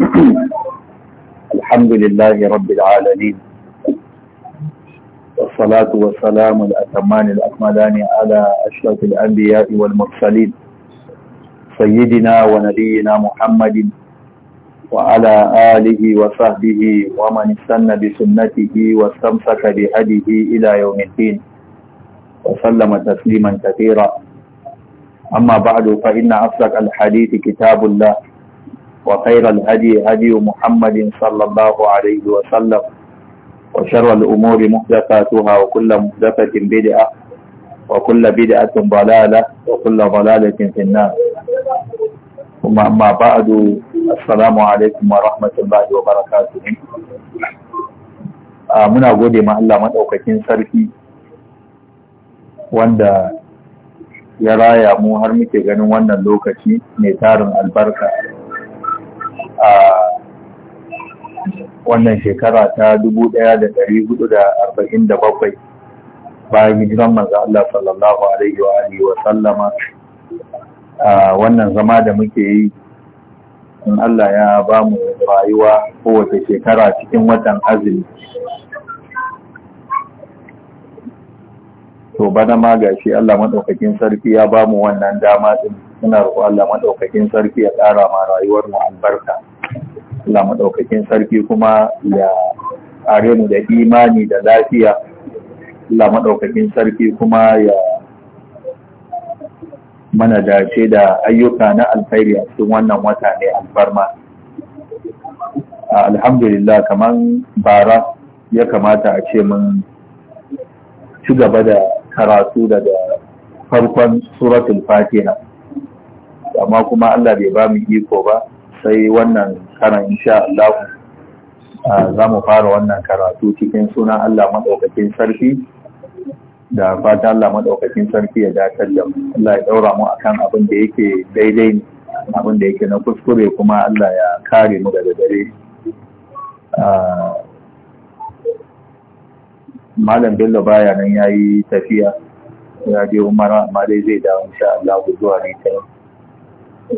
الحمد لله رب العالمين والصلاة والسلام الأتمان الأكملان على أشرف الأنبياء والمرسلين سيدنا ونبينا محمد وعلى آله وصحبه ومن استنى بسنته واستمسك بهديه إلى يوم الدين وسلم تسليما كثيرا أما بعد فإن أصدق الحديث كتاب الله وخير الهدي هدي محمد صلى الله عليه وسلم وشر الأمور محدثاتها وكل محدثة بدعة وكل بدعة ضلالة وكل ضلالة في النار ثم أما بعد السلام عليكم ورحمة الله وبركاته muna gode ma Allah maɗaukakin sarki wanda ya raya mu har muke ganin wannan lokaci mai tarin albarka a wannan shekara ta 1447 bayan hijiran manzo Allah sallallahu alaihi wa alihi wa sallama wannan zama da muke yi in Allah ya ba mu rayuwa kowace shekara cikin watan azumi to bana ma gashi Allah madaukakin sarki ya ba mu wannan dama din Ina roƙo Allah madaukakin sarki ya ƙara ma rayuwar mu albarka Allah maɗaukakin sarki kuma ya are mu da imani da lafiya Allah maɗaukakin sarki kuma ya mana dace da ayyuka na alkhairi a cikin wannan wata ne alfarma alhamdulillah kamar bara ya kamata a ce mun ci gaba da karatu daga farkon suratul fatiha amma kuma Allah bai ba mu iko ba sai wannan karan insha Allah za mu fara wannan karatu cikin sunan Allah maɗaukakin sarki da fata Allah maɗaukakin sarki ya dakar da Allah ya ɗaura mu akan abin da yake daidai abin da yake na kuskure kuma Allah ya kare mu daga dare. Malam Bello baya nan ya tafiya ya je Umara amma dai zai dawo insha Allah zuwa Litinin.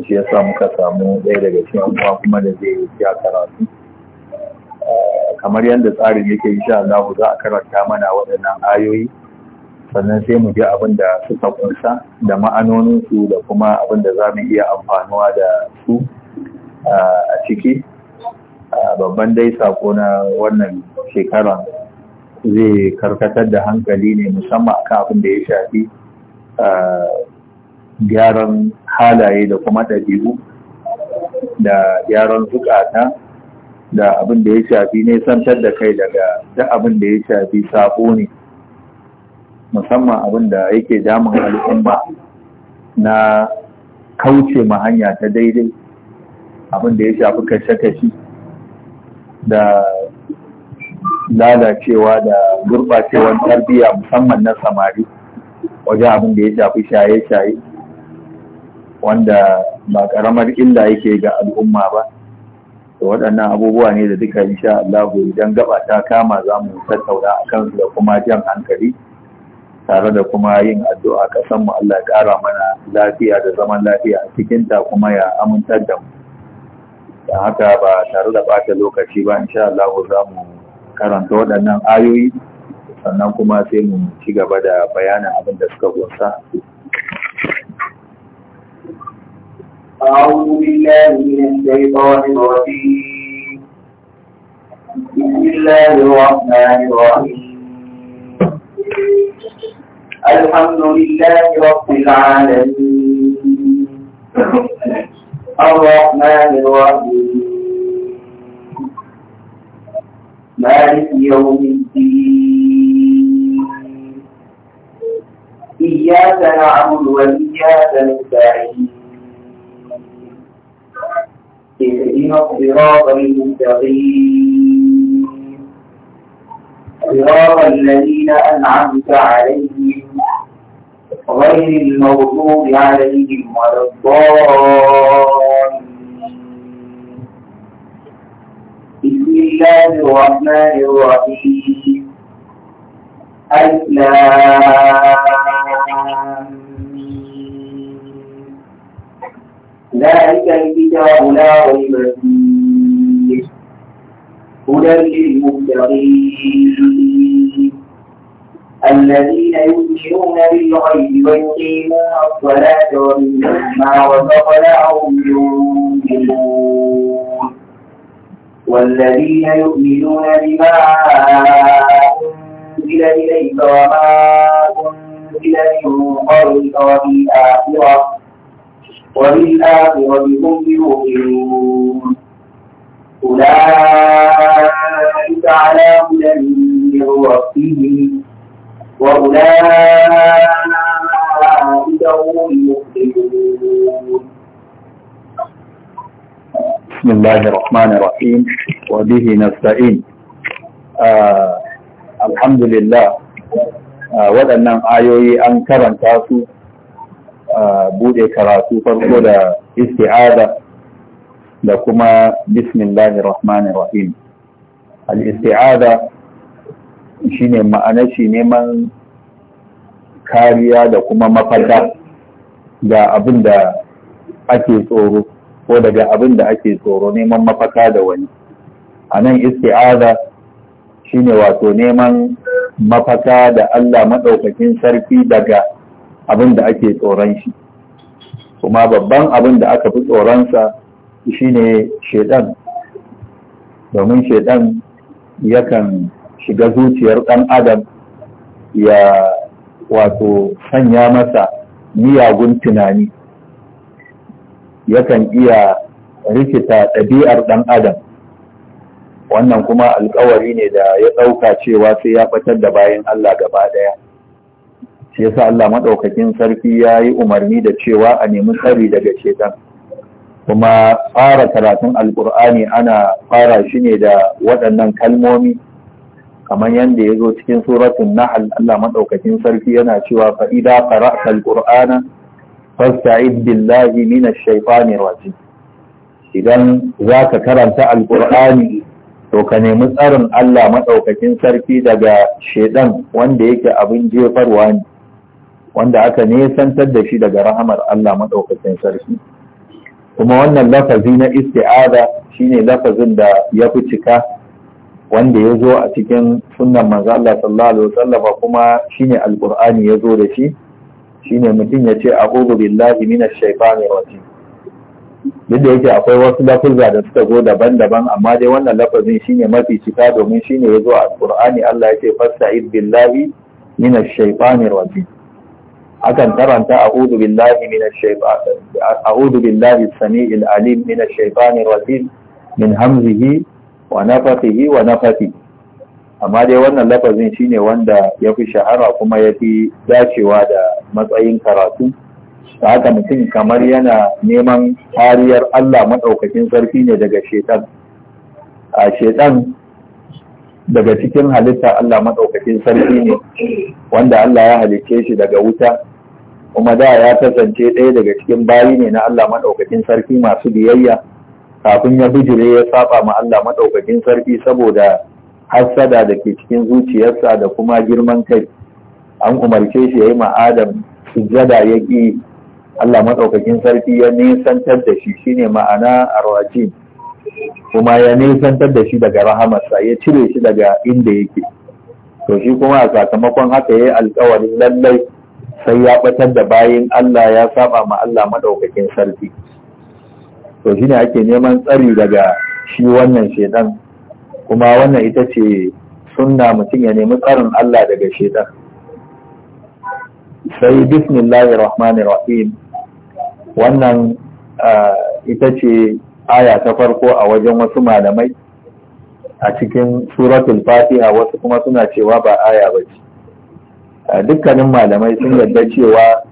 shi yasa muka samu ɗaya daga cikin kuma kuma da zai yi a karatu eh, kamar yadda tsarin yake sha Allah za a karanta mana waɗannan ayoyi sannan sai mu ji abin da suka kunsa da ma'anoninsu da kuma abin da za mu iya amfanuwa da su eh, a ciki eh, babban dai sako na wannan shekara zai karkatar da hankali ne musamman akan abin da ya shafi gyaran halaye da kuma ɗabi'u da gyaran zukata da abin da ya shafi ne nesantar da kai daga da abin da ya shafi sabo ne musamman abin da yake damun al'umma na kauce ma hanya ta daidai abin da ya shafi kashe-kashe da lalacewa da gurbacewar tarbiyya musamman na samari wajen abin da ya shafi shaye-shaye wanda ba karamar illa yake ga al'umma ba da waɗannan abubuwa ne da duka insha Allah idan gaba ta kama za mu tattauna a kansu da kuma jan hankali tare da kuma yin addu'a ka san mu Allah ya ƙara mana lafiya da zaman lafiya a ta kuma ya aminta da mu da haka ba tare da ɓata lokaci ba insha Allah za mu karanta waɗannan ayoyi sannan kuma sai mu ci gaba da bayanin abin da suka gosa أعوذ بالله من الشيطان الرجيم بسم الله الرحمن الرحيم الحمد لله رب العالمين الرحمن الرحيم مالك يوم الدين إياك نعبد وإياك نستعين اهدنا الصراط المستقيم صراط الذين أنعمت عليهم غير المغضوب عليهم ولا الضالين بسم الله الرحمن الرحيم الم ذلك الكتاب لا ريب فيه هدى للمتقين الذين يؤمنون بالغيب ويقيمون الصلاة ومما رزقناهم ينفقون والذين يؤمنون بما أنزل إليك وما أنزل من قبلك الآخرة وبالآخرة هم يوقنون أولئك على هدى من ربهم وأولئك هم المفلحون بسم الله الرحمن الرحيم وبه نستعين آه الحمد لله آه، ودنا آيوي أن كرم تاسو bude karatu farko da isti'ada da kuma bismillahir rahmanir rahim al-isti'ada shine ma'ana shi neman kariya da kuma mafaka ga abin ake tsoro ko daga abinda ake tsoro neman mafaka da wani Anan nan isti'aza shine wato neman mafaka da Allah maɗaukakin sarki daga abin da ake tsoron shi kuma babban abin da aka fi tsoron tsoronsa shine shedan domin shedan yakan shiga zuciyar ɗan adam ya wato sanya masa miyagun tunani yakan iya rikita ɗabi'ar ɗan adam wannan kuma alkawari ne da ya ɗauka cewa sai ya fitar da bayan Allah gaba ɗaya shi yasa Allah maɗaukakin sarki ya yi umarni da cewa a nemi tsari daga shekan kuma fara karatun Alƙur'ani ana fara shi ne da waɗannan kalmomi kamar yadda ya zo cikin suratun nahal Allah maɗaukakin sarki yana cewa fa'ida idza fasta alqur'ana fasta'id billahi shaifa ne waje. idan za ka karanta Alƙur'ani, to ka nemi tsarin Allah maɗaukakin sarki daga shedan wanda yake abin jefarwa ne wanda aka nesantar da shi daga rahamar Allah maɗaukacin sarki kuma wannan lafazi na isti'ada shine lafazin da ya fi cika wanda ya zo a cikin sunnan manzo Allah sallallahu alaihi kuma shine Alƙur'ani ya zo da shi shine mutum ya ce a'udhu billahi minash shaitanir rajim duk da yake akwai wasu lafuzza da suka zo daban-daban amma dai wannan lafazin shine mafi cika domin shine ya zo a Alƙur'ani Allah ya ce fasta'id billahi minash shaitanir rajim akan karanta a'udhu billahi minash shaitanir a'udhu billahi alim minash rajim min hamzihi wa nafathihi wa nafathi amma dai wannan lafazin shine wanda yafi shahara kuma ya fi dacewa da matsayin karatu da haka mutum kamar yana neman kariyar Allah madaukakin sarki ne daga shaitan a shaitan daga cikin halitta Allah maɗaukakin sarki ne wanda Allah ya halicce shi daga wuta kuma da ya kasance ɗaya daga cikin bayi ne na Allah maɗaukakin sarki masu biyayya kafin ya bijire ya saba ma Allah maɗaukakin sarki saboda hassada da ke cikin zuciyarsa da kuma girman kai an umarce shi ya yi ma Adam sujjada ya ƙi Allah maɗaukakin sarki ya nisantar da shi shine ma'ana arwajin kuma ya nisantar da shi daga rahamarsa ya cire shi daga inda yake to shi kuma a sakamakon haka ya yi alkawarin lallai sai ya batar da bayan Allah ya saba ma Allah madaukakin sarki to shine ake neman tsari daga shi wannan shedan kuma wannan ita ce sunna mutum ya nemi tsarin Allah daga shedan sai bismillahir rahmanir rahim wannan ita ce aya ta farko a wajen wasu malamai a cikin suratul fatiha wasu kuma suna cewa ba aya ba ce Uh, dukkanin malamai sun yarda cewa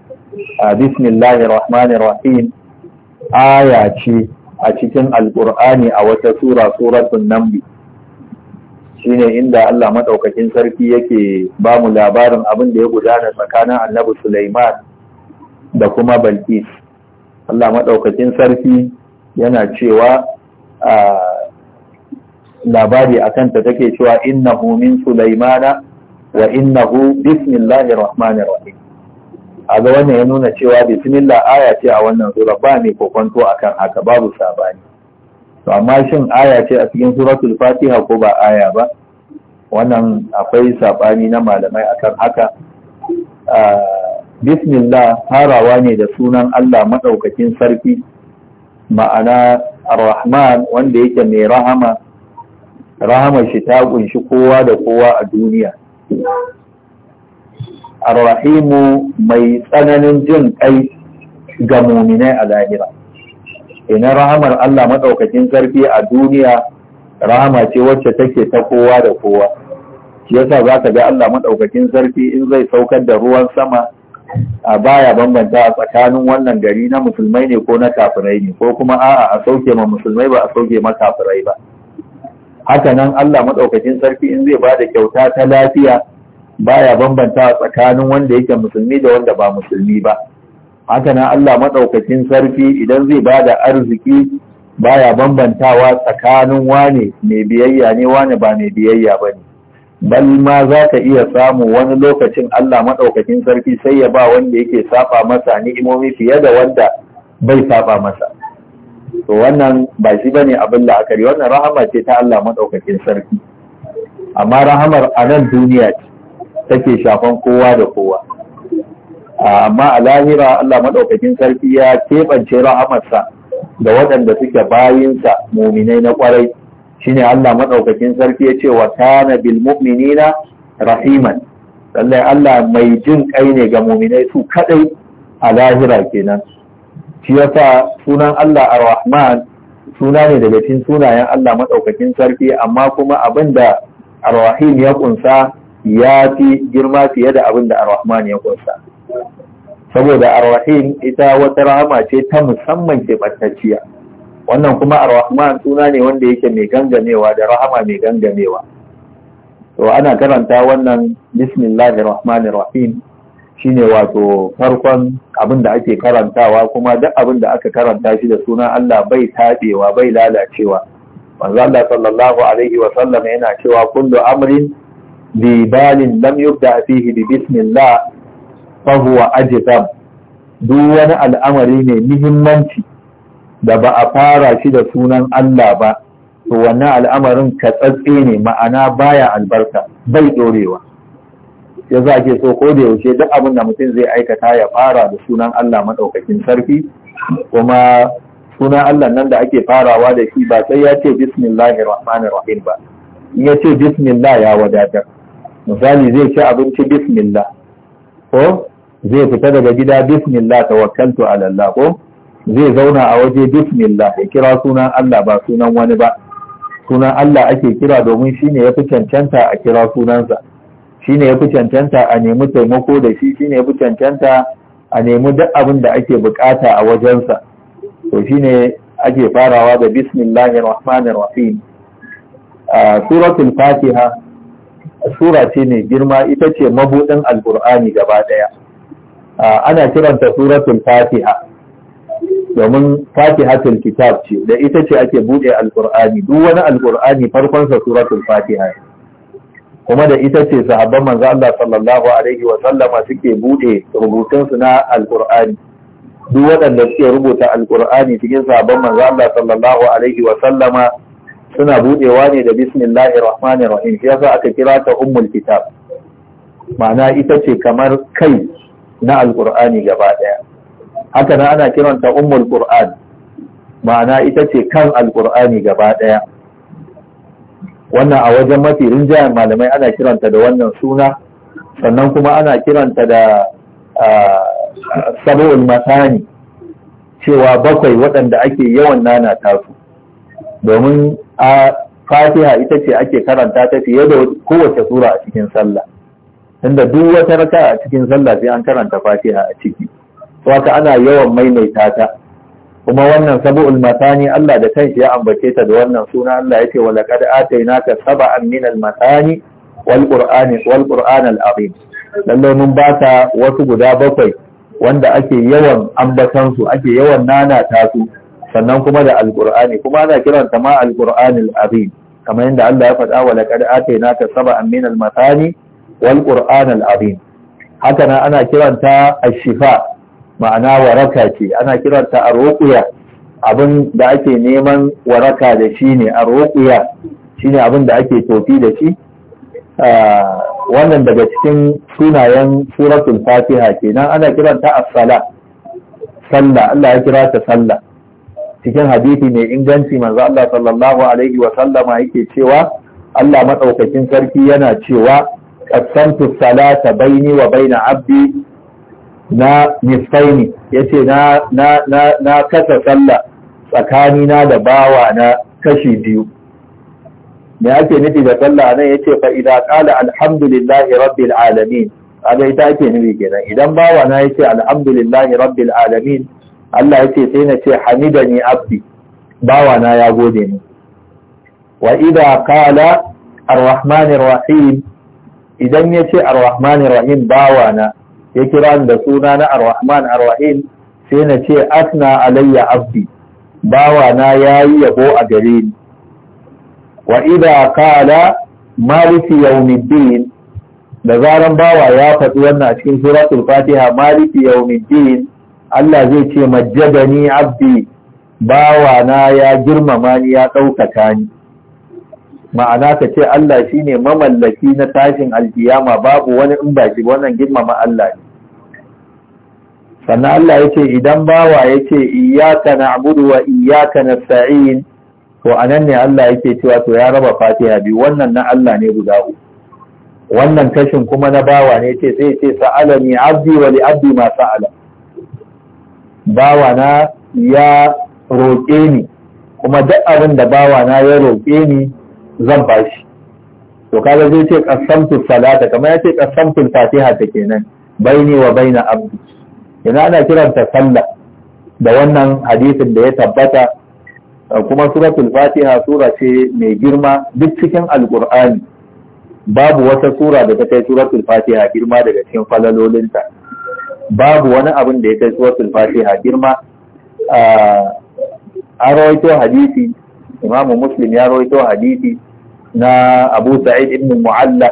a uh, bismillahi rahmani rahim aya ce a cikin alkur'ani a wata sura nambi Shi ne inda Allah maɗaukakin sarki yake ba mu labarin abin da ya gudana tsakanin Annabi Sulaiman da kuma Balkis Allah maɗaukakin sarki yana cewa uh, labari a kanta take cewa Inna min Sulaimana wa innahu bismillahir rahmanir rahim ga wannan ya nuna cewa bismillah aya ce a wannan sura ba ne kokonto akan haka babu sabani to amma shin aya ce a cikin suratul fatiha ko ba aya ba wannan akwai sabani na malamai akan haka bismillah harawa ne da sunan Allah madaukakin sarki ma'ana ar-rahman wanda yake mai rahama rahama shi ta kunshi kowa da kowa a duniya arrahimu mai tsananin jin kai ga muminai a lahira ina rahamar Allah maɗaukakin sarki a duniya rahama ce wacce take ta kowa da kowa shi yasa za ka ga Allah maɗaukakin sarki in zai saukar da ruwan sama a baya bambanta a tsakanin wannan gari na musulmai ne ko na kafirai ne ko kuma a'a a sauke ma musulmai ba a sauke ma kafirai ba haka nan Allah maɗaukacin sarki in zai bada kyauta ta lafiya baya bambanta tsakanin wanda yake musulmi da wanda ba musulmi ba haka nan Allah maɗaukacin sarki idan zai bada arziki baya bambantawa tsakanin wane mai biyayya ne wane ba mai biyayya ba ne bal ma za ka iya samu wani lokacin Allah maɗaukacin sarki sai ya ba wanda yake saba masa ni'imomi fiye da wanda bai saba masa to wannan ba shi bane abin la'akari wannan rahama ce ta Allah madaukakin sarki amma rahamar a nan duniya ce take shafan kowa da kowa amma a lahira Allah madaukakin sarki ya keɓance rahamarsa da waɗanda suke bayinsa muminai na ƙwarai shine Allah madaukakin sarki ya ce wa kana bil mu'minina rahiman lallai Allah mai jin kai ne ga muminai su kadai a lahira kenan shi ya sa sunan Allah a rahman suna ne daga cikin sunayen Allah maɗaukakin sarki amma kuma abin da arwahin ya ƙunsa ya fi girma fiye da abin da ar ya ƙunsa. saboda arwahin ita wata rahama ce ta musamman ke battaciya wannan kuma arwahman suna ne wanda yake mai gangamewa da rahama mai gangamewa to ana karanta wannan bismillahir rahmanir rahim shine wato farkon abin da ake karantawa kuma duk abin da aka karanta shi da sunan Allah bai taɓewa bai lalacewa manzo Allah sallallahu alaihi wa sallam yana cewa kullu amrin bi balin lam yubda fihi bi bismillah fa huwa ajzam duk wani al'amari ne muhimmanci da ba a fara shi da sunan Allah ba to wannan al'amarin katsatse ne ma'ana baya albarka bai dorewa ya za ke so ko da yaushe duk abin da mutum zai aikata ya fara da sunan Allah maɗaukakin sarki kuma sunan Allah nan da ake farawa da shi ba sai ya ce bismillahir rahmanir rahim ba in ya ce bismillah ya wadatar misali zai ci abinci bismillah ko zai fita daga gida bismillah tawakkaltu ala Allah ko zai zauna a waje bismillah ya kira sunan Allah ba sunan wani ba sunan Allah ake kira domin shi ne ya fi cancanta a kira sunansa ne ya fi cancanta a nemi taimako da shi ne ya fi cancanta a nemi duk abin da ake bukata a wajensa to shine ake farawa da "Bismillahi rahmanir rahim suratul fatiha sura ce ne girma ita ce mabudin alkur'ani gaba daya ana kiranta suratul fatiha domin fatihatul kitab ce da ita ce ake bude alkur'ani duk wani alkur'ani farkonsa suratul fatiha ne kuma da ita ce sahabban manzo Allah sallallahu alaihi wa sallama suke bude rubutun su na alqur'ani duk waɗanda suke rubuta alqur'ani cikin sahabban manzo Allah sallallahu alaihi wa sallama suna budewa ne da bismillahir rahmanir rahim shi yasa aka kira ta ummul kitab ma'ana ita ce kamar kai na alqur'ani gaba daya haka nan ana kiranta ummul qur'an ma'ana ita ce kan alqur'ani gaba daya wannan a wajen mafi rinjayen malamai ana kiranta da wannan suna sannan kuma ana kiranta da sabo'ul masani cewa bakwai waɗanda ake yawan nana tasu domin a fatiha ita ce ake karanta ta fiye da kowace sura a cikin sallah inda duk wata raka a cikin sallah sai an karanta fatiha a ciki to ana yawan maimaita ta kuma wannan sabu'ul matani Allah da kanshi ya ambace ta da wannan suna Allah ya wa laqad atainaka sab'an min al-matani wal qur'ani wal qur'an al-azim lalle mun bata wasu guda bakwai wanda ake yawan ambatan su ake yawan ta su sannan kuma da al kuma ana kiran ta ma al-qur'an al-azim kamar yadda Allah ya faɗa wa laqad atainaka sab'an min al-matani wal qur'an al-azim haka nan ana kiranta ash-shifa ma'ana waraka ce ana kiranta a roƙuya abin da ake neman waraka da shi ne a roƙuya shi ne abin da ake tofi da shi ah, wannan daga cikin sunayen suratul fatiha kenan ana kiranta a sala sallah Allah ya kira ta sallah cikin hadisi mai inganci manzo Allah sallallahu alaihi wa sallama yake cewa Allah madaukakin sarki yana cewa qasamtu salata baini wa baina abdi na nisfaini yace na na kasa sallah tsakani na da bawa na kashi biyu me ake nufi da sallah nan yace fa idza qala alhamdulillahi rabbil alamin kaga ita ake nufi kenan idan bawa na yace alhamdulillahi rabbil alamin Allah yace sai na ce ni abdi bawa na ya gode ni wa idza ƙala arrahmanir rahim idan yace arrahmanir rahim bawa na ya kira ni da suna na ar-rahman ar-rahim sai na ce asna alayya abdi bawa na yayi yabo a gare ni wa idha qala maliki yawmiddin da zaran bawa ya faɗi wannan a cikin suratul fatiha maliki yawmiddin Allah zai ce majjadani abdi bawa na ya girmama ni ya ɗaukaka ni ma'ana ka ce Allah shine mamallaki na tashin alkiyama babu wani in ba shi wannan girmama Allah ne sannan Allah ya ce idan bawa ya ce iyaka na abudu wa iyaka na sa'in to a nan ne Allah ya ke cewa to ya raba fatiha biyu wannan na Allah ne guda uku wannan kashin kuma na bawa ne ce sai ce sa'ala ni abdi wa li abdi ma sa'ala bawa na ya roƙe ni kuma duk abin da bawa na ya roƙe ni zan bashi to kaga zai ce qasamtu salata kamar ya ce qasamtu fatiha ta kenan baini wa baina abdi ina ana kiranta sallah da wannan hadisin da ya tabbata kuma suratul fatiha sura ce mai girma duk cikin alqur'ani babu wata sura da ta kai suratul fatiha girma daga cikin falalolinta babu wani abin da ya kai suratul fatiha girma a ah, rawaito hadisi imamu muslim ya rawaito hadisi na Abu Sa'id ibn Mu'alla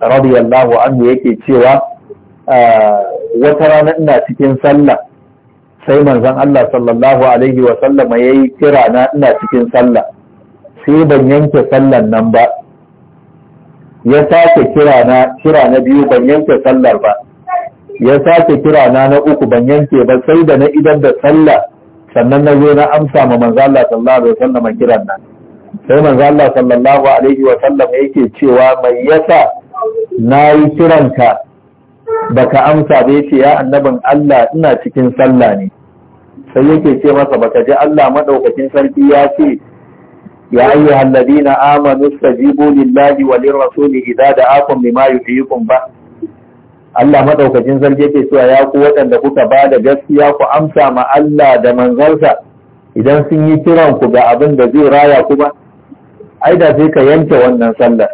radiyallahu anhu yake cewa ah, wata rana ina cikin sallah sai manzon Allah sallallahu alaihi wa sallama yayi kira na ina cikin sallah sai ban yanke sallar nan ba ya sake kira na kira na biyu ban yanke sallar ba ya sake kira na na uku ban yanke ba sai da na idan da sallah sannan na zo na amsa ma manzo Allah sallallahu alaihi wasallam kiran nan sai manzo Allah sallallahu alaihi wa sallam yake cewa mai yasa nayi kiranka baka amsa ba yace ya annabin Allah ina cikin sallah ne sai yake ce masa baka ji Allah madaukakin sarki ya ce ya ayyuhal ladina amanu stajibu lillahi wa lirrasuli idza da'akum lima yuhyikum ba Allah madaukakin sarki yake cewa ya ku waɗanda kuka ba da gaskiya ku amsa ma Allah da manzansa idan sun yi kiran ku ga abin da zai raya ku ba ai da sai ka yanke wannan sallar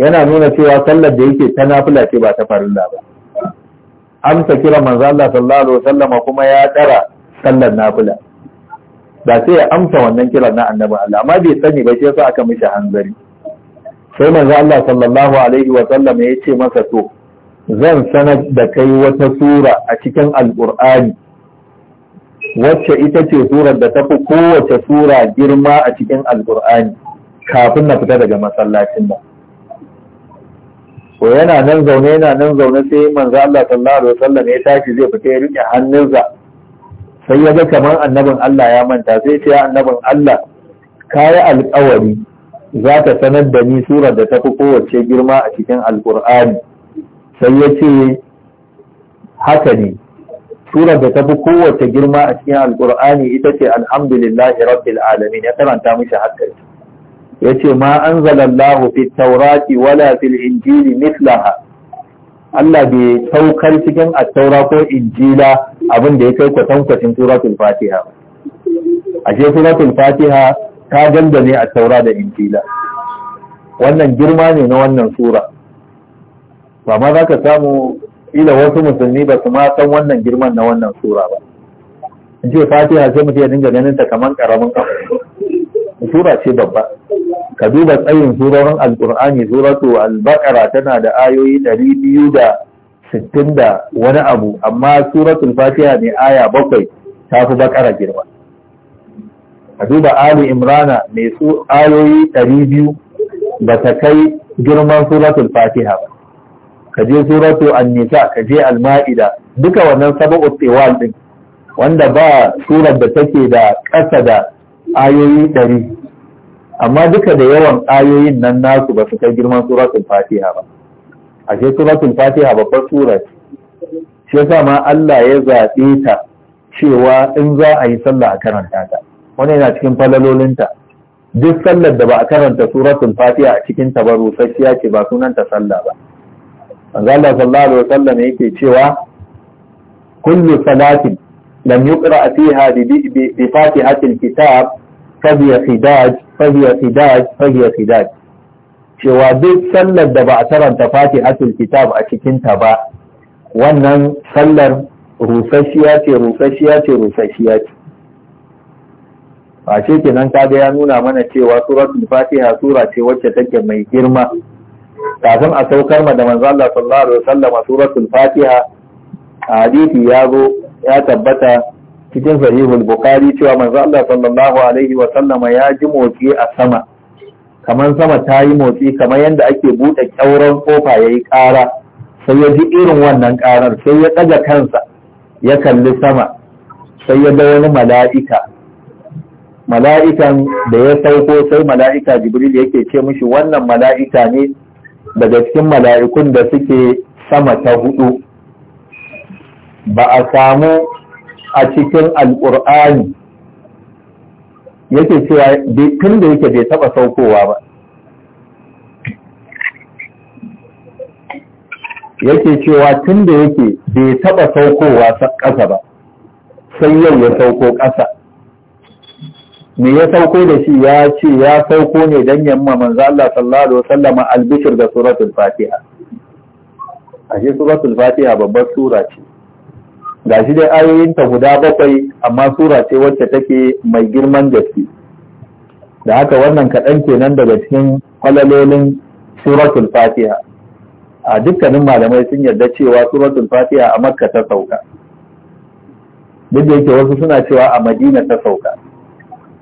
yana nuna cewa sallar da yake ta nafila ce ba ta farilla ba amsa kiran manzo Allah sallallahu alaihi wasallama kuma ya tsara sallar nafila ba sai ya amsa wannan kiran na annabi Allah amma bai sani ba sai yasa aka mishi hanzari sai manzo Allah sallallahu alaihi wasallama ya ce masa to zan sanar da kai wata sura a cikin alqur'ani wacce ita ce surar da ta fi kowace sura girma a cikin alkur'ani kafin na fita daga masallacin nan ko yana nan zaune yana nan zaune sai manzo Allah sallallahu alaihi wasallam ya tashi zai fita ya rike hannunsa sai ya ga kamar annabin Allah ya manta sai ya ce annabin Allah kayi alƙawari za ta sanar da ni surar da ta fi kowace girma a cikin alkur'ani sai ya ce haka ne surar da ta fi kowace girma a cikin alkur'ani ita ce alhamdulillahi rabbil alamin ya karanta mishi hakkari ya ce ma anzalallahu fi taurati wala fil injili mislaha. Allah bai saukar cikin attaura ko injila abin da ya kai kwatankwacin suratul fatiha ashe suratul fatiha ta dandane attaura da injila wannan girma ne na wannan sura ba ma za ka samu ila wasu musulmi ba su ma san wannan girman na wannan sura ba in ce fatiha sai mutum ya dinga ganin ta kaman karamin kafa sura ce babba ka duba tsayin surorin alkur'ani suratu al-baqara tana da ayoyi 260 da sittin da wani abu amma suratul fatiha ne aya bakwai ta fi bakara girma ka duba ali imrana mai su ayoyi ɗari biyu ba ta kai girman suratul fatiha ba ka je suratu an-nisa ka je al-ma'ida duka wannan sab'u tiwal din wanda ba surar da take da ƙasa da ayoyi ɗari amma duka da yawan ayoyin nan nasu ba su kai girman suratul fatiha ba ashe suratul fatiha babbar sura ce shi yasa ma Allah ya zaɓe ta cewa in za a yi sallah a karanta ta wani yana cikin falalolinta duk sallar da ba a karanta suratul fatiha a cikin ta ba rusasshiya ce ba sunanta sallah ba Allah sallallahu alaihi wasallam yake cewa kullu salatin lam yuqra fiha bi fatihatil kitab fa khidaj fahiya fa fahiya khidaj cewa duk sallar da ba a karanta fatihati kitab a cikin ta ba wannan sallar rusasshiya ce rusasshiya ce rusasshiya ce ba ce kenan kaga ya nuna mana cewa suratul fatiha sura ce wacce take mai girma kafin a saukar ma da manzo Allah sallallahu alaihi wasallam suratul Fatiha hadisi ya zo ya tabbata cikin sahihul Bukhari cewa manzo Allah sallallahu alaihi wasallam ya ji motsi a sama kamar sama ta yi motsi kamar yadda ake buɗe kyauran kofa yayi yi ƙara sai ya ji irin wannan ƙarar sai ya ɗaga kansa ya kalli sama sai ya ga wani mala'ika mala'ikan da ya sauko sai mala'ika jibril yake ce mishi wannan mala'ika ne daga cikin mala'ikun da suke sama ta hudu ba a samu a cikin alƙur'ani yake cewa tun da yake bai taba saukowa ba yake cewa tun da yake bai taɓa saukowa ƙasa ba sai yau ya sauko ƙasa me ya sauko da shi ya ce ya sauko ne dan yamma manzo Allah sallallahu alaihi wasallam albishir da suratul fatiha ashe suratul fatiha babbar sura ce Ga shi dai ayoyin ta guda bakwai amma sura ce wacce take mai girman gaske da haka wannan kaɗan kenan daga cikin kwalalolin suratul fatiha a dukkanin malamai sun yarda cewa suratul fatiha a makka ta sauka duk da yake wasu suna cewa a madina ta sauka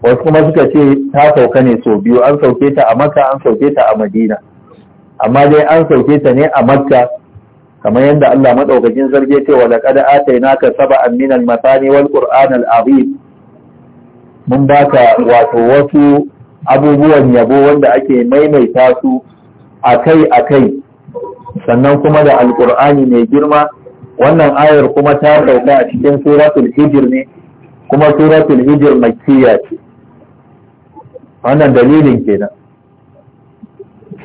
wasu kuma suka ce ta sauka ne sau biyu an sauke ta a makka an sauke ta a madina amma dai an sauke ta ne a makka kamar yadda Allah maɗaukakin sarki ce wa laqad atainaka sab'an min al-masani wal qur'an al-azim mun baka wato wasu abubuwan yabo wanda ake maimaita su akai akai sannan kuma da alqur'ani mai girma wannan ayar kuma ta sauka a cikin suratul hijr ne kuma suratul hijr makkiyya ce wannan dalilin kenan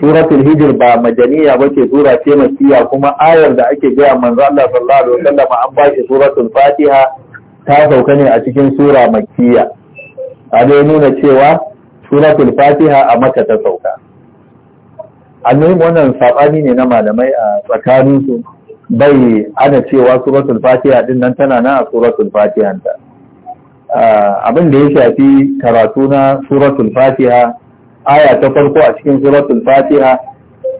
suratul hijr ba madaniya ce sura ce makiya kuma ayar da ake gaya manzo Allah sallallahu alaihi wasallam an ba shi suratul fatiha ta sauka ne a cikin sura makkiya a dai nuna cewa suratul fatiha a maka ta sauka annabi wannan sabani ne na malamai a tsakanin su bai ana cewa suratul fatiha din nan tana nan a suratul fatiha Ah, abin da ya shafi karatu na suratul fatiha aya ta farko a cikin suratul fatiha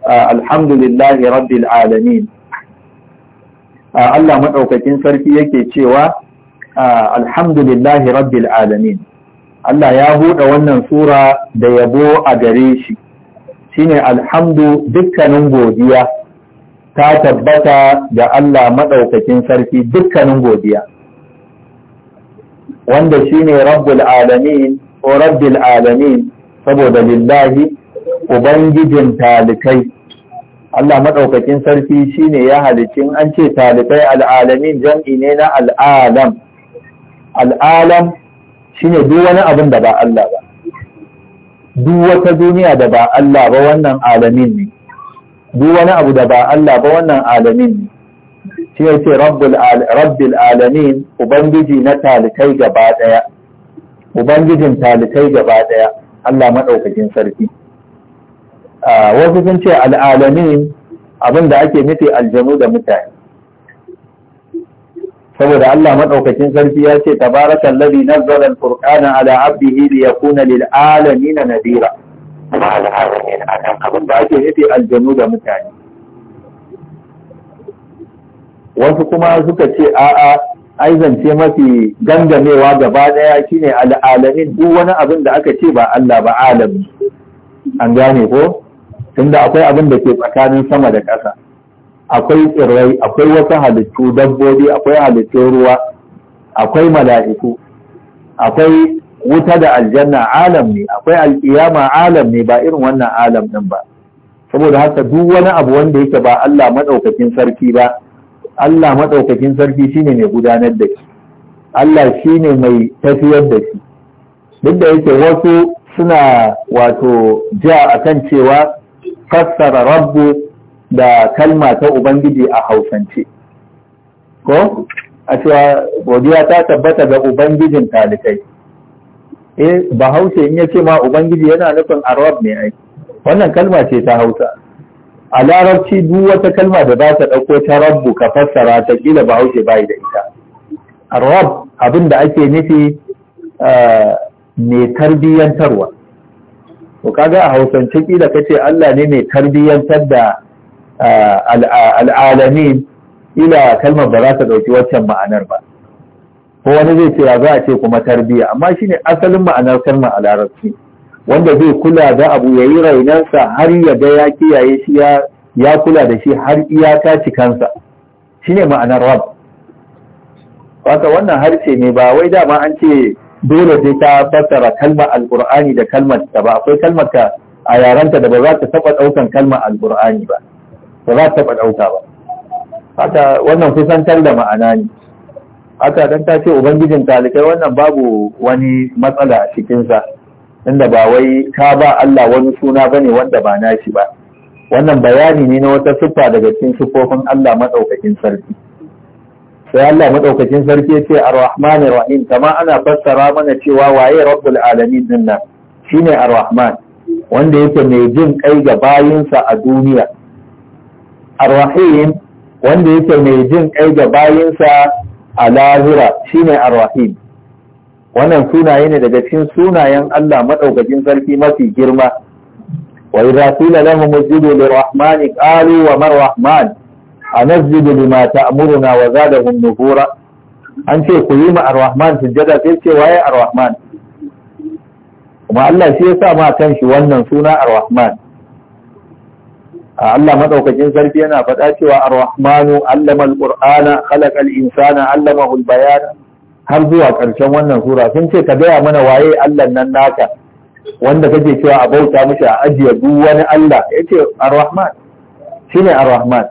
ah, alhamdulillahi rabbil alamin ah, Allah maɗaukakin sarki yake cewa alhamdulillahi rabbil alamin Allah ya buɗe wannan sura da yabo a gare shi shine alhamdu dukkanin godiya ta tabbata ga Allah maɗaukakin sarki dukkanin godiya wanda shine rabbul alamin ko rabbil alamin saboda lillahi ubangijin talikai Allah maɗaukakin sarki shi ne ya halicin an ce talikai al'alamin jam'i ne na al'alam al'alam shi ne duk wani abin da ba Allah ba duk wata duniya da ba Allah ba wannan alamin ne duk wani abu da ba Allah ba wannan alamin ne shi ya ce rabbil alamin ubangiji na talikai gaba ɗaya ubangijin talikai gaba ɗaya Allah maɗaukakin sarki wasu sun ce al'alamin abin da ake nufi aljanu da mutane saboda Allah maɗaukakin sarki ya ce tabarakan lari nazzara al-furqana ala abdihi li yakuna lil alamin nadira kuma al'alamin akan abin da ake nufi aljanu da mutane wasu kuma suka ce a'a ai zance mafi gangamewa gaba daya shine al'alamin duk wani abin da aka ce ba Allah ba alami an gane ko tunda akwai abin da ke tsakanin sama da ƙasa akwai tsirrai akwai wasu halittu dabbobi akwai halittu ruwa akwai mala'iku akwai wuta da aljanna alam ne akwai alkiyama alam ne ba irin wannan alam din ba saboda haka duk wani abu wanda yake ba Allah madaukakin sarki ba Allah maɗaukakin sarki shine mai gudanar da shi Allah shine mai tafiyar da shi duk da yake wasu suna wato ja akan cewa fassara rabbu da kalma ta ubangiji a hausance ko a cewa godiya ta tabbata ga ubangijin talikai eh bahaushe in ya ce ma ubangiji yana nufin arab ne ai wannan kalma ce ta hausa a larabci duk wata kalma da za ta ɗauko ta rabbu ka fassara ta kila bahaushe bayi da ita arab abin da ake nufi eh, mai tarbiyyantarwa to kaga a hausance kila kace Allah ne mai tarbiyyantar da eh, al'alamin ila kalmar ba za ta ɗauki waccan ma'anar ba ko wani zai ce za a ce kuma tarbiyya amma shine asalin ma'anar kalmar a larabci wanda zai kula da abu ya yi rainansa har ya ga ya kiyaye shi ya kula da shi har iya iyaka cikansa shine ma'anar rab haka wannan harshe ne ba wai dama an ce dole sai ta fassara kalmar Alƙur'ani da kalmar ta ba akwai kalmar ka a yaranta da ba za ta taɓa ɗaukan kalmar Alƙur'ani ba ba za ta taba dauka ba haka wannan kusantar da ma'ana ne haka dan ta ce ubangijin talikai wannan babu wani matsala a cikinsa inda ba wai ka ba Allah wani suna ne wanda ba nashi ba wannan bayani ne na wata siffa daga cikin sufofin Allah Maɗaukakin sarki sai Allah Maɗaukakin sarki ya ce ar-rahmanir rahim kama ana fassara mana cewa waye rabbul alamin din nan shine ar-rahman wanda yake mai jin kai ga bayinsa a duniya ar-rahim wanda yake mai jin kai ga bayinsa a lahira shine ar-rahim wannan sunaye ne daga cikin sunayen Allah Maɗaukacin sarki mafi girma wa idza qila lahum isjudu lirrahmani qalu wa mar rahman anasjudu lima ta'muruna wa zadahum nufura an ce ku yi ma ar-rahman sujjada sai ce waye ar kuma Allah shi ya sa ma kan shi wannan suna ar A Allah madaukakin sarki yana faɗa cewa ar allama al khalaqa al-insana allamahu al-bayana har zuwa ƙarshen wannan sura sun ce ka gaya mana waye Allah nan naka wanda kake cewa a bauta mishi a ajiye duk wani Allah ya ce ar-Rahman shine ar-Rahman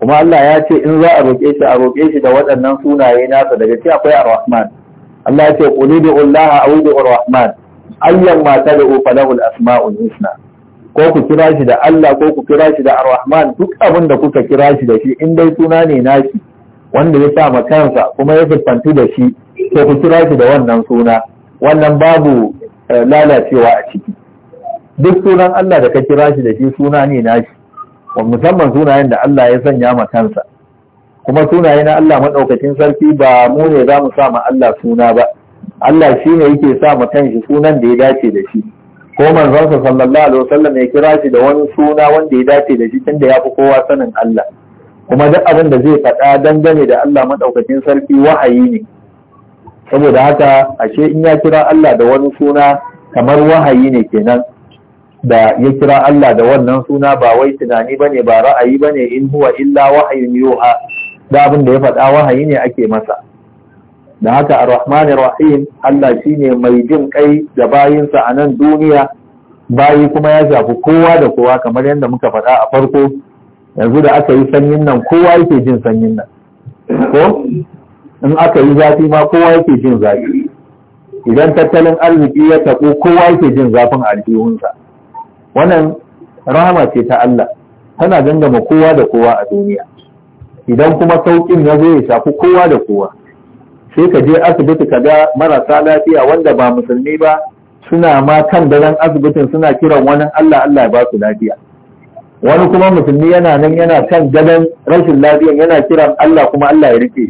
kuma Allah ya ce in za a roƙe shi a roƙe shi da waɗannan sunaye nasa daga ce akwai ar-Rahman Allah ya ce qul ud'ullaha aw ud'ur rahman ayyan ma tad'u falahu al-asma'ul husna ko ku kira shi da Allah ko ku kira shi da ar-Rahman duk abin da kuka kira shi da shi in dai suna ne nashi wanda ya sa ma kansa kuma ya siffantu da shi to ku kira shi da wannan suna wannan babu eh, lalacewa a ciki duk sunan Allah da ka kira shi da shi suna ne nashi musamman sunayen da Allah ya sanya ma kansa kuma sunaye na Allah maɗaukacin sarki ba mu ne za mu sa ma Allah suna ba Allah shi ne yake sa ma kanshi sunan da ya dace da shi ko manzon sallallahu alaihi wasallam ya kira shi da wani suna wanda ya dace da shi tunda ya fi kowa sanin Allah kuma duk abin da zai faɗa dangane da Allah maɗaukacin sarki wahayi ne saboda haka ashe in ya kira Allah da wani suna kamar wahayi ne kenan da ya kira Allah da wannan suna ba wai tunani ba ne, ba ra'ayi ba ne, in huwa illa wahayin yuha da abin da ya faɗa wahayi ne ake masa da haka a rahmanir rahim Allah shi ne mai jin kai da bayinsa a nan duniya bayi kuma ya shafi kowa da kowa kamar yadda muka faɗa a farko yanzu da aka yi sanyin nan kowa yake jin sanyin nan ko in aka yi zafi ma kowa yake jin zafi idan tattalin arziki ya taɓo kowa yake jin zafin aljihunsa wannan rahama ce ta Allah tana gangama kowa da kowa a duniya idan kuma sauƙin ya zo ya shafi kowa da kowa sai ka je asibiti ka ga marasa lafiya wanda ba musulmi ba suna ma kan daren asibitin suna kiran wani Allah Allah ya ba su lafiya wani kuma musulmi yana nan yana kan gadon rashin lafiyan yana kira Allah kuma Allah ya rike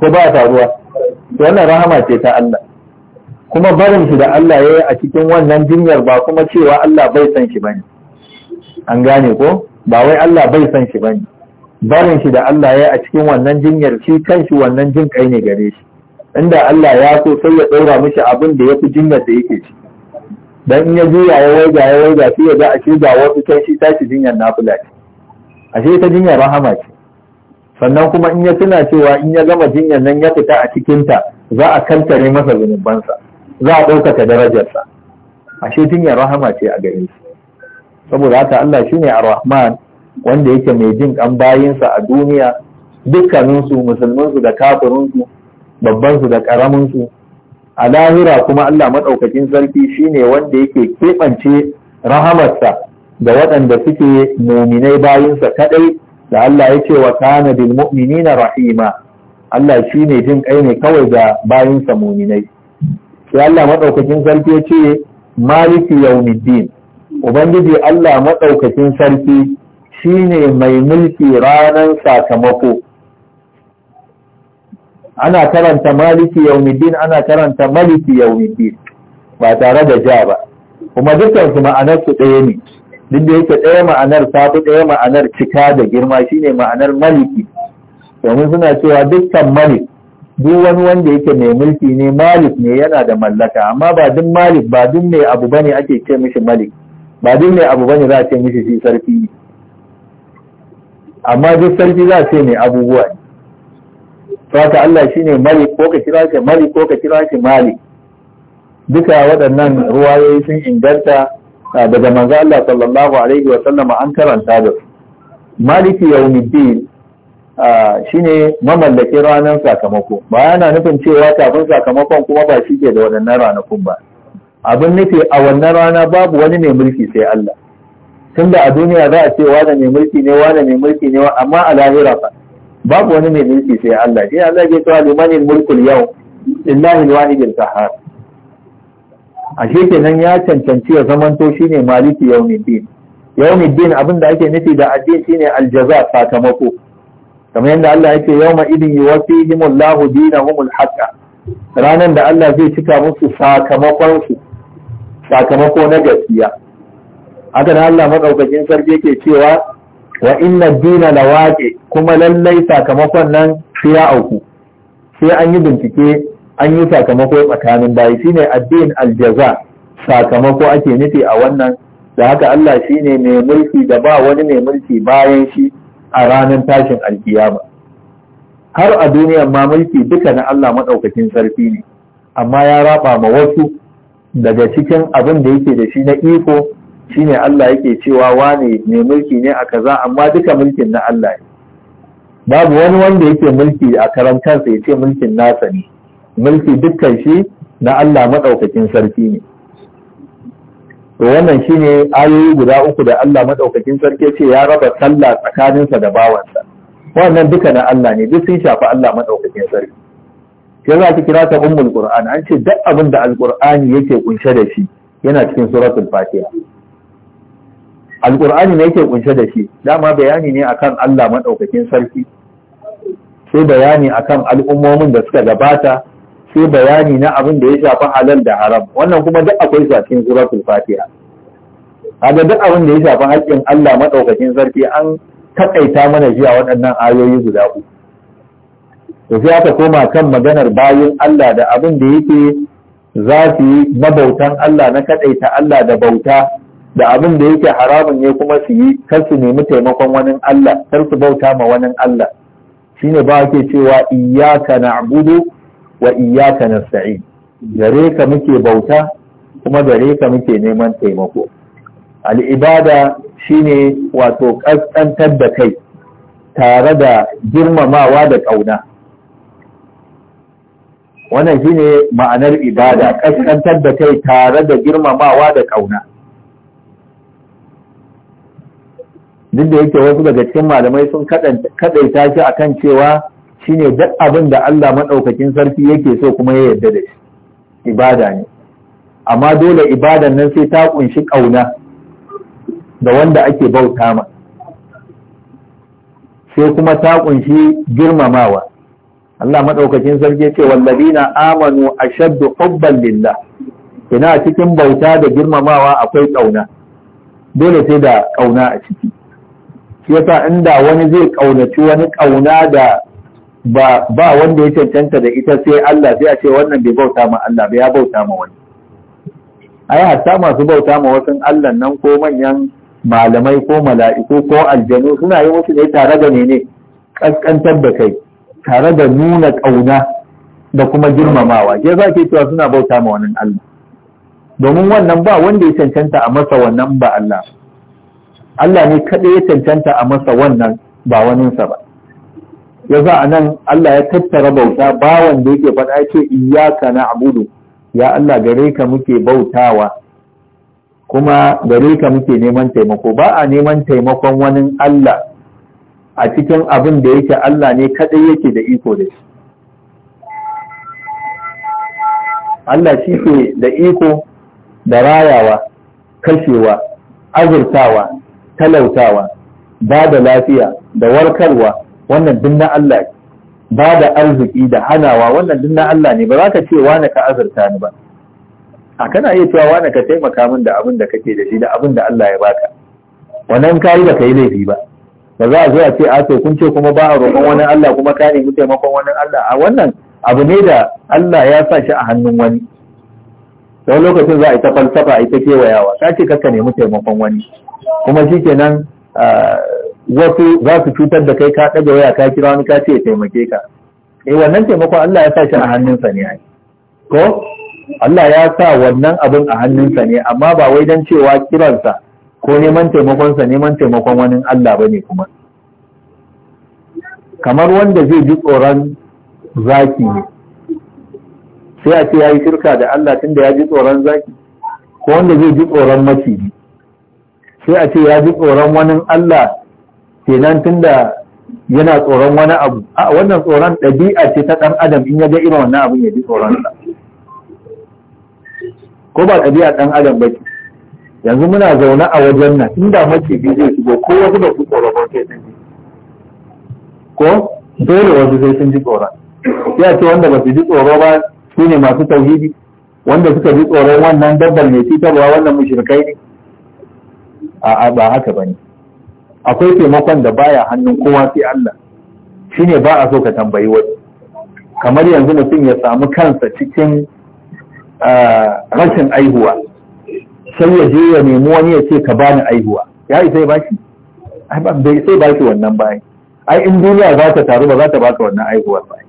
ko ba faruwa wannan rahama ce ta Allah kuma barin shi da Allah ya yi a cikin wannan jinyar ba kuma cewa Allah bai san shi bane an gane ko ba wai Allah bai san shi bane barin shi da Allah ya yi a cikin wannan jinyar shi kan shi wannan jin kai ne gare shi inda Allah ya so sai ya daura mishi abin da ya fi jinyar da yake ciki dan in ya juya ya waiga ya waiga sai ya ga ce ga wasu can shi tashi jinyar nafila ce ashe ta jinyar rahama ce sannan kuma in ya tuna cewa in ya gama jinyar nan ya fita a cikinta za a kantare masa zunubansa za a ɗaukaka darajarsa ashe jinyar rahama ce a gare shi saboda haka Allah shine ar-Rahman wanda yake mai jin kan bayinsa a duniya dukkaninsu musulmansu da kafirinsu babbansu da karaminsu a lahira kuma Allah maɗaukakin sarki shine wanda yake keɓance rahamarsa da waɗanda suke muminai bayinsa kaɗai da Allah ya ce wa kana bil mu'minina rahima Allah shine jin kai ne kawai ga bayinsa muminai sai Allah maɗaukakin sarki ya ce maliki yaumiddin ubangiji Allah maɗaukakin sarki shine mai mulki ranar sakamako ana karanta maliki yaumiddin ana karanta maliki yaumiddin ba tare da ja ba kuma dukkan su ma'anar su ɗaya ne duk da yake ɗaya ma'anar tafi ɗaya ma'anar cika da girma shine ma'anar maliki domin suna cewa dukkan malik duk wani wanda yake mai mulki ne malik ne yana da mallaka amma ba duk malik ba duk mai abu bane ake ce mishi malik ba duk mai abu bane za a ce mishi shi sarki amma duk sarki za a ce mai abubuwa ne fata Allah Allah ne mali ko ka kira shi mali ko ka kira shi Mali? duka waɗannan ruwayoyi sun inganta ah, daga manzo Allah sallallahu alaihi wa sallama an karanta da su maliki yawmiddin ah, ne mamallakin ranar sakamako ba yana nufin cewa kafin sakamakon kuma ba shi ke da waɗannan ranakun ba abin nufi a wannan rana babu wani mai mulki sai Allah tunda a duniya za a ce wane mai mulki ne wane mai mulki ne amma a lahira fa babu wani mai mulki sai Allah dai Allah ke cewa limanil mulkul yau lillahi alwahidil qahhar ashe kenan ya cancanci ya zamanto shine maliki yawmiddin abin abinda ake nufi da addini shine aljaza sakamako kamar yadda Allah yake yawma idin yuwaffihimullahu dinahumul haqqa ranan da Allah zai cika musu sakamakon su sakamako na gaskiya haka nan Allah madaukakin sarki yake cewa wa inna dina waƙe kuma lallai sakamakon nan sai ya auku sai an yi bincike an yi sakamako tsakanin bayi shine addin aljaza sakamako ake nufi a wannan da haka Allah shine mai mulki da ba wani mai mulki bayan shi a ranar tashin alkiyama har a duniyar ma mulki duka na Allah maɗaukakin sarki ne amma ya raba ma wasu daga cikin abin da yake da shi na iko shine Allah yake cewa wane mai mulki ne a kaza amma duka mulkin na Allah ne babu wani wanda yake mulki a karan kansa ya ce mulkin nasa ne mulki dukkan shi na Allah maɗaukakin sarki ne to wannan shine ayoyi guda uku da Allah maɗaukakin sarki ce ya raba sallah tsakaninsa da bawansa wannan duka na Allah ne duk sun shafi Allah maɗaukakin sarki ya za ki kira ta ummul qur'an an ce duk abin da alqur'ani yake kunshe da shi yana cikin suratul fatiha Alƙur'ani ne yake kunshe da shi dama bayani ne akan Allah madaukakin sarki sai bayani akan al'ummomin da suka gabata sai bayani na abin da ya shafi halal da haram wannan kuma duk akwai sashin suratul fatiha kaga duk abin da ya shafi haƙƙin Allah madaukakin sarki an takaita mana jiya waɗannan ayoyi guda uku to sai aka koma kan maganar bayin Allah da abin da yake zafi yi mabautan Allah na kaɗaita Allah da bauta da abin da yake haramun ne kuma su yi kar su nemi taimakon wani Allah kar su bauta ma wani Allah shine ba ke cewa iyyaka na'budu wa iyyaka nasta'in gare ka muke bauta kuma gare ka muke neman taimako al'ibada shine wato ƙasƙantar da kai tare da girmamawa da ƙauna wannan shine ma'anar ibada ƙasƙantar da kai tare da girmamawa da ƙauna duk da yake wasu daga cikin malamai sun ta shi a kan cewa shine duk abin da Allah maɗaukakin sarki yake so kuma ya yarda da shi ibada ne amma dole ibadan nan sai ta kunshi ƙauna da wanda ake bauta ma sai kuma ta kunshi girmamawa Allah maɗaukakin sarki ya ce wallabina amanu shaddu hubban Lilla. ina cikin bauta da girmamawa akwai ƙauna dole sai da ƙauna a ciki shi yasa inda wani zai ƙaunaci wani ƙauna da ba ba wanda ya cancanta da ita sai Allah sai a ce wannan bai bauta ma Allah ba ya bauta ma wani ai hatta masu bauta ma wasu Allah nan ko manyan malamai ko mala'iku ko aljanu suna yi musu ne tare da ne kaskantar da kai tare da nuna kauna da kuma girmamawa ke za ke cewa suna bauta ma wannan Allah domin wannan ba wanda ya cancanta a masa wannan ba Allah Allah ne kaɗai ya cancanta a masa wannan ba waninsa ba ya za a nan Allah ya tattara bauta bawan da yake faɗa ce iyaka na abudu ya Allah gare ka muke bautawa kuma gare ka muke neman taimako ba a neman taimakon wani Allah a cikin abin da yake Allah ne kaɗai yake da iko da shi Allah shi ke da iko da rayawa kashewa azurtawa talautawa ba da lafiya da warkarwa wannan duk Allah ba da arziki da hanawa wannan duk Allah ne ba za ka ce wani ka azurta ni ba a kana iya cewa wani ka taimaka min da abin da kake da shi da abin da Allah ya baka wannan kayi da kai laifi ba ba za a zo a ce a to kun ce kuma ba a roƙon wani Allah kuma ka nemi taimakon wani Allah a wannan abu ne da Allah ya sa shi a hannun wani wani lokacin za a yi ta falsafa a yi ta kewayawa ta ce kaka nemi taimakon wani kuma shi kenan wasu za su cutar da kai ka ɗaga waya ka kira wani ka ce ya taimake ka eh wannan taimakon Allah ya sa shi a hannunsa ne ai ko Allah ya sa wannan abin a hannunsa ne amma ba wai don cewa kiransa ko neman taimakonsa neman taimakon wani Allah ba kuma kamar wanda zai ji tsoron zaki ne sai a ce ya yi shirka da Allah tunda ya ji tsoron zaki ko wanda zai ji tsoron maciji sai a ce ya ji tsoron wani Allah kenan tunda yana tsoron wani abu a wannan tsoron ɗabi'a ce ta ɗan adam in ya ga irin wannan abin ya ji tsoron sa ko ba ɗabi'a ɗan adam ba ce yanzu muna zaune a wajen nan inda maciji zai shigo ko wasu ba su tsoron ba ke sun ji ko dole wasu sai sun ji tsoron sai a ce wanda ba su ji tsoro ba su ne masu tauhidi wanda suka ji tsoron wannan dabbar mai cutarwa wannan mushrikai ne a ba haka bane akwai taimakon da baya hannun kowa sai Allah shine ba a so ka tambayi wani kamar yanzu mutum ya samu kansa cikin rashin aihuwa sai ya je ya nemi wani ya ce ka bani aihuwa ya isa ya bashi ai ba sai bashi wannan bayan ai in duniya za ta taru ba za ta baka wannan aihuwar bayan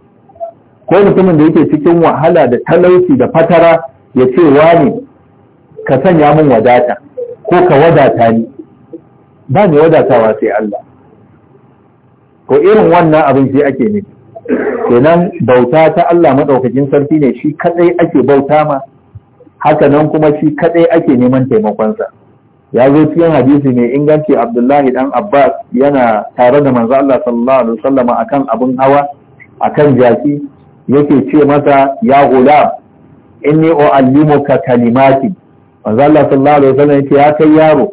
ko mutumin da yake cikin wahala da talauci da fatara ya ce wani ka sanya min wadata ko ka wadata ni ba ni wadatawa sai Allah ko irin wannan abin shi ake ne kenan bauta ta Allah madaukakin sarki ne shi kadai ake bauta ma haka nan kuma shi kadai ake neman taimakonsa ya zo cikin hadisi mai inganci Abdullahi dan Abbas yana tare da manzo Allah sallallahu alaihi wasallam akan abin hawa akan jaki yake ce masa ya gulam inni uallimuka kalimati manzo Allah sallallahu alaihi wasallam yake ya kai yaro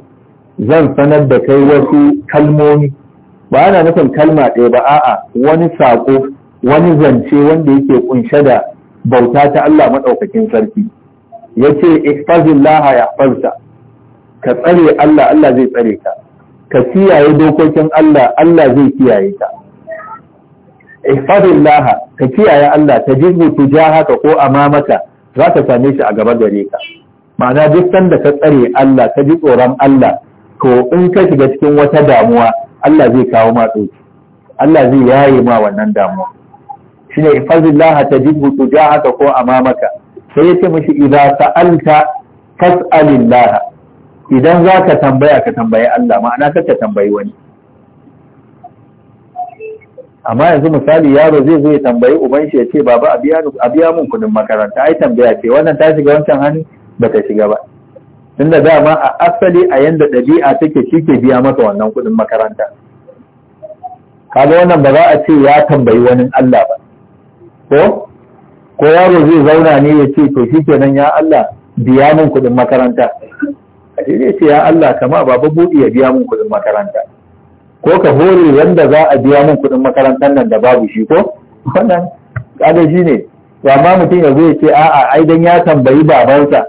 zan sanar da kai wasu kalmomi ba ana nufin kalma ɗaya ba a'a wani saƙo wani zance wanda yake kunshe da bauta ta Allah madaukakin sarki yace ihfazillaha yahfazka ka tsare Allah Allah zai tsare ka ka kiyaye dokokin Allah Allah zai kiyaye ka ihfadillaha ka kiyaye Allah ta jibu tujahaka ko amamaka za ka same shi a gaba gare ka ma'ana duk sanda ka tsare Allah ka ji tsoron Allah ko in ka shiga cikin wata damuwa Allah zai kawo ma Allah zai yaye ma wannan damuwa shine ihfadillaha tajibu tujahaka ko amamaka sai yace mishi idza sa'alta fasalillaha idan zaka tambaya ka tambayi Allah ma'ana ka tambayi wani amma yanzu misali yaro zai zo ya tambayi uban shi ya ce baba a biya mun kuɗin makaranta ai tambaya ce wannan ta shiga wancan hannu ba ta shiga ba tunda dama a asali a yanda ɗabi'a take shi ke biya masa wannan kuɗin makaranta kaga wannan ba za a ce ya tambayi wani Allah ba ko ko yaro zai zauna ne ya ce to shi kenan ya Allah biya mun kuɗin makaranta a ce ya Allah kama baba buɗi ya biya mun kuɗin makaranta ko ka hore wanda za a biya min kuɗin makarantar nan da babu shi ko wannan kaga shi ne to amma mutum ya zai ce a'a ai dan ya tambayi babansa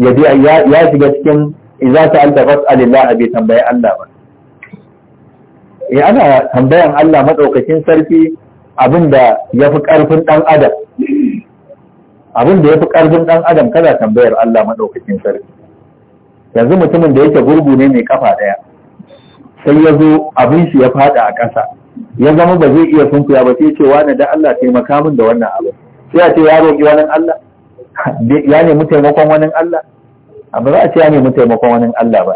ya bi ya shiga cikin idza sa'alta fas'alillah bi tambayi Allah ba eh ana tambayan Allah madaukakin sarki abin da ya fi ƙarfin ɗan adam abin da ya fi adam kada tambayar Allah maɗaukacin sarki yanzu mutumin da yake gurgu ne mai kafa ɗaya sai ya zo abin shi ya fada a ƙasa ya zama ba zai iya sunkuya ba sai ce wani da Allah taimaka min da wannan abu sai a ce ya roƙi wani Allah ya nemi taimakon wani Allah ba za a ce ya nemi taimakon wani Allah ba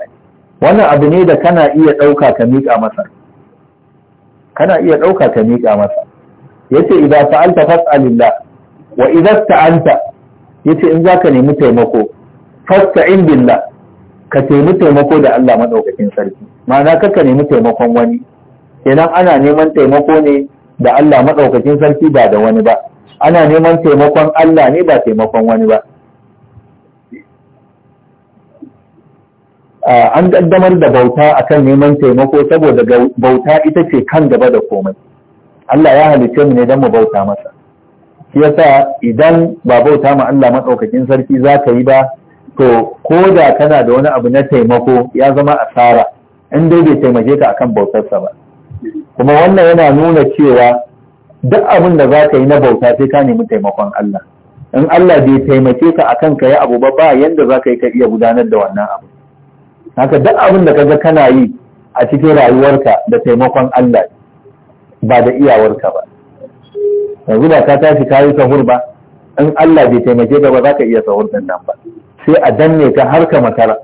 wannan abu ne da kana iya ɗauka ka miƙa masa kana iya ɗauka ka miƙa masa yace idan sa'alta fas'alillah wa idza ta'anta yace in zaka nemi taimako fasta'in billah ka nemi taimako da Allah madaukakin sarki ma'ana kaka nemi taimakon wani kenan ana neman taimako ne da Allah maɗaukakin sarki ba da wani ba ana neman taimakon Allah ne ba taimakon wani ba an gaddamar da bauta akan neman taimako saboda bauta ita ce kan gaba da komai Allah ya halice mu ne don mu bauta masa shi yasa idan ba bauta ma Allah maɗaukakin sarki za ka yi ba to ko da kana da wani abu na taimako ya zama asara in dai bai taimake ka akan bautarsa ba kuma wannan yana nuna cewa duk abin da za ka yi na bauta sai ka nemi taimakon Allah in Allah bai taimake ka akan ka yi abu ba ba yanda za ka yi ka iya gudanar da wannan abu haka duk abin da kaga kana yi a cikin rayuwarka da taimakon Allah ba da iyawarka ba yanzu ba ka tashi ka yi sahur ba in Allah bai taimake ka ba za ka iya sahur din nan ba sai a danne ka har ka makara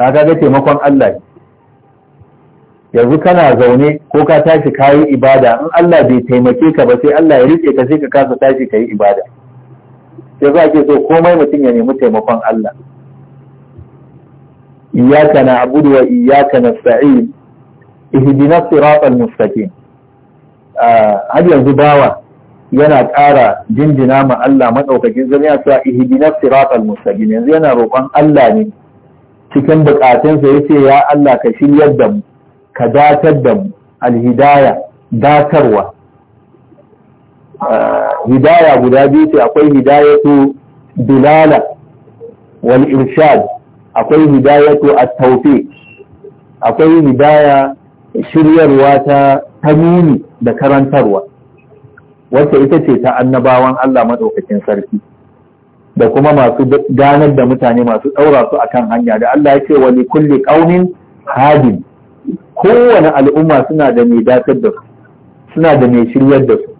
ka ga taimakon Allah yanzu kana zaune ko ka tashi ka yi ibada in Allah bai taimake ka ba sai Allah ya rike ka sai ka kasa tashi ka yi ibada sai za ke so komai mutum ya nemi taimakon Allah na abudu wa na sa'in ihidina siratal mustaqim har yanzu bawa yana ƙara jinjina ma Allah maɗaukakin zama ya sa ihdina siratal mustaqim yanzu yana roƙon Allah ne cikin bukatunsa ya ce ya Allah ka shiryar da mu ka datar da mu alhidaya datarwa ah, hidaya guda biyu ce akwai hidayatu dilala wal irshad akwai hidayatu at akwai hidaya shiryarwa ta tanuni da karantarwa wacce ita ce ta annabawan Allah madaukakin sarki da kuma masu ganar da mutane masu ɗaura su akan hanya da Allah ya ce wa kulle kulli qaumin hadin kowane al'umma suna da mai dakar da su suna da mai shiryar da su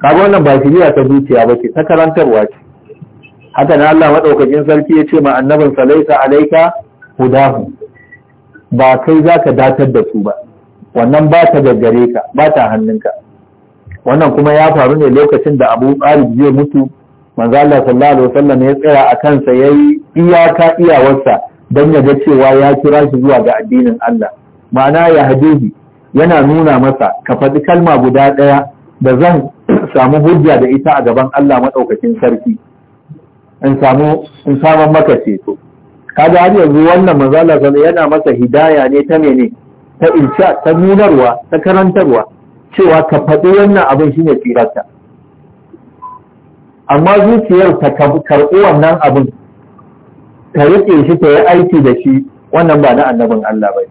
kaga wannan ba shirya ta zuciya ba ce ta karantarwa ce haka na Allah madaukakin sarki ya ce ma annabin salaita alaika hudahu ba kai zaka datar da su ba wannan ba ta gaggare ka ba ta hannunka wannan kuma ya faru ne lokacin da Abu Talib zai mutu manzo Allah sallallahu alaihi wasallam ya tsaya a kansa yayi iyaka iyawarsa dan ya ga cewa ya kira shi zuwa ga addinin Allah ma'ana ya hadihi yana nuna masa ka faɗi kalma guda ɗaya da zan samu hujja da ita a gaban Allah madaukakin sarki in samu in samu maka ceto kaga har yanzu wannan manzo Allah yana masa hidaya ne ta mene ta insha ta nunarwa ta karantarwa cewa ka faɗi wannan abin shine tsirarta amma zuciyar ta karɓi wannan abin ta riƙe shi ta yi aiki da shi wannan ba na annabin Allah ba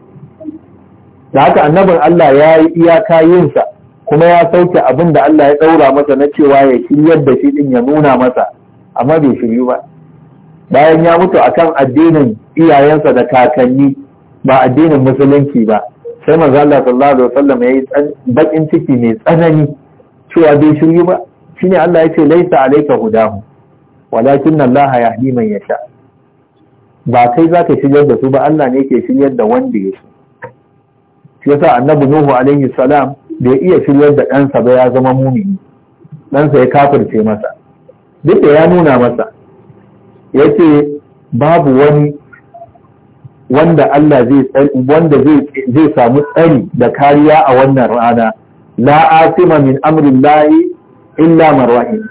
da haka annabin Allah ya yi iyaka yinsa kuma ya sauke abin da Allah ya ɗaura masa na cewa ya shiryar da shi ɗin ya nuna masa amma bai shiryu ba bayan ya mutu akan addinin iyayensa da kakanni ba addinin musulunci ba sai manzo Allah sallallahu alaihi wasallam yayi baƙin ciki mai tsanani cewa bai shiryu ba shine Allah ce laisa alayka hudahu walakin Allah yahdi man yasha ba kai za ka shigar da su ba Allah ne ke shiryar da wanda ya so shi yasa annabi nuhu alaihi salam bai iya shiryar da ɗansa ba ya zama mumini ɗansa ya kafirce masa duk da ya nuna masa ya ce babu wani wanda Allah zai wanda zai samu tsari da kariya a wannan rana la asima min lahi illa marwa'i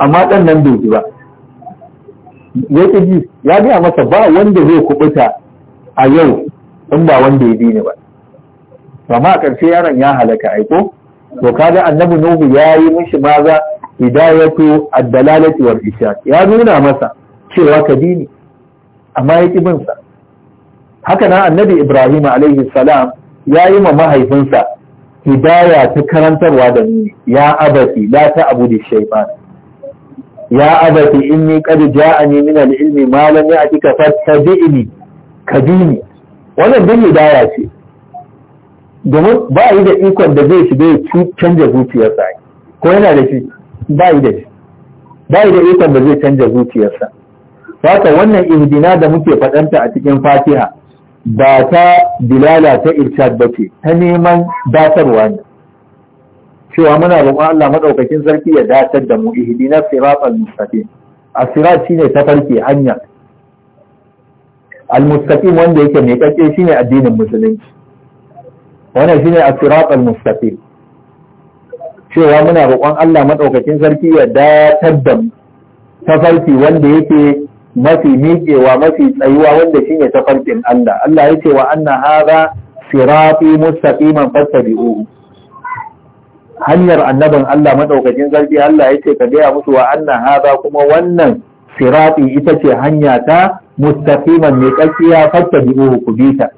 amma dan nan bai ba ya ji ya gaya masa ba wanda zai kubuta a yau in ba wanda ya dini ba amma a ƙarshe yaron ya halaka aiko to kaga annabi nuhu ya yi mishi maza hidayatu ad-dalalati wal ishaq ya nuna masa cewa ka bi amma ya ki bin haka nan annabi ibrahim alaihi salam ya yi ma mahaifinsa hidaya ta karantarwa da ni ya abati la ta abu da shaitan ya abati inni qad ja'ani min al-ilmi ma lam ya'tika fattabi'ni kadini wannan din hidaya ce domin ba yi da ikon da zai shiga ya canja zuciyarsa ko yana da shi ba yi da shi ba yi da ikon da zai canja zuciyarsa haka wannan ihdina da muke faɗanta a cikin fatiha ba ta dilala ta irshad ba ce ta neman datarwa ne cewa muna roƙon Allah madaukakin sarki ya datar da mu ihdina siratal mustaqim a sirat shine tafarki hanya al-mustaqim wanda yake mai kake shine addinin musulunci wannan shine as-siratal mustaqim cewa muna roƙon Allah madaukakin sarki ya datar da mu tafarki wanda yake mafi miƙewa mafi tsayuwa wanda shine tafarkin Allah Allah ya ce wa anna hadha sirati mustaqiman fattabi'uhu hanyar annabin Allah madaukakin zargi Allah ya ce ka gaya musu wa anna hadha kuma wannan sirati ita ce hanya ta mustaqiman mai kakkiya fattabi'uhu ku bi ta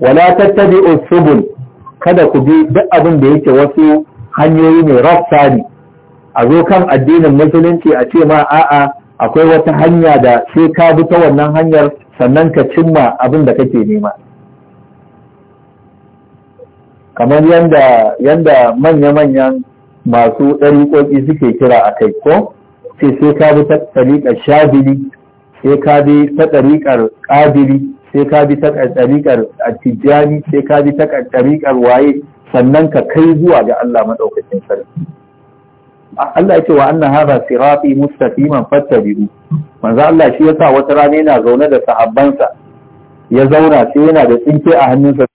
wala tattabi'u subul kada ku bi duk abin da yake wasu hanyoyi ne rafsa ne a zo kan addinin musulunci a ce ma a'a akwai wata hanya da sai ka bi ta wannan hanyar sannan ka cimma abin da kake nema kamar yanda yanda manya-manyan masu ɗariƙoƙi suke kira a kai ko sai sai ka bi ta ɗariƙar shabili sai ka bi ta ɗariƙar ƙadiri sai ka bi ta ɗariƙar tijjani sai ka bi ta ɗariƙar waye sannan ka kai zuwa ga Allah maɗaukacin sarki Allah ya ce wa anna hadha sirati mustaqiman fattabi'u manzo Allah shi yasa wata rana yana zaune da sahabbansa ya zauna sai yana da tsinke a hannunsa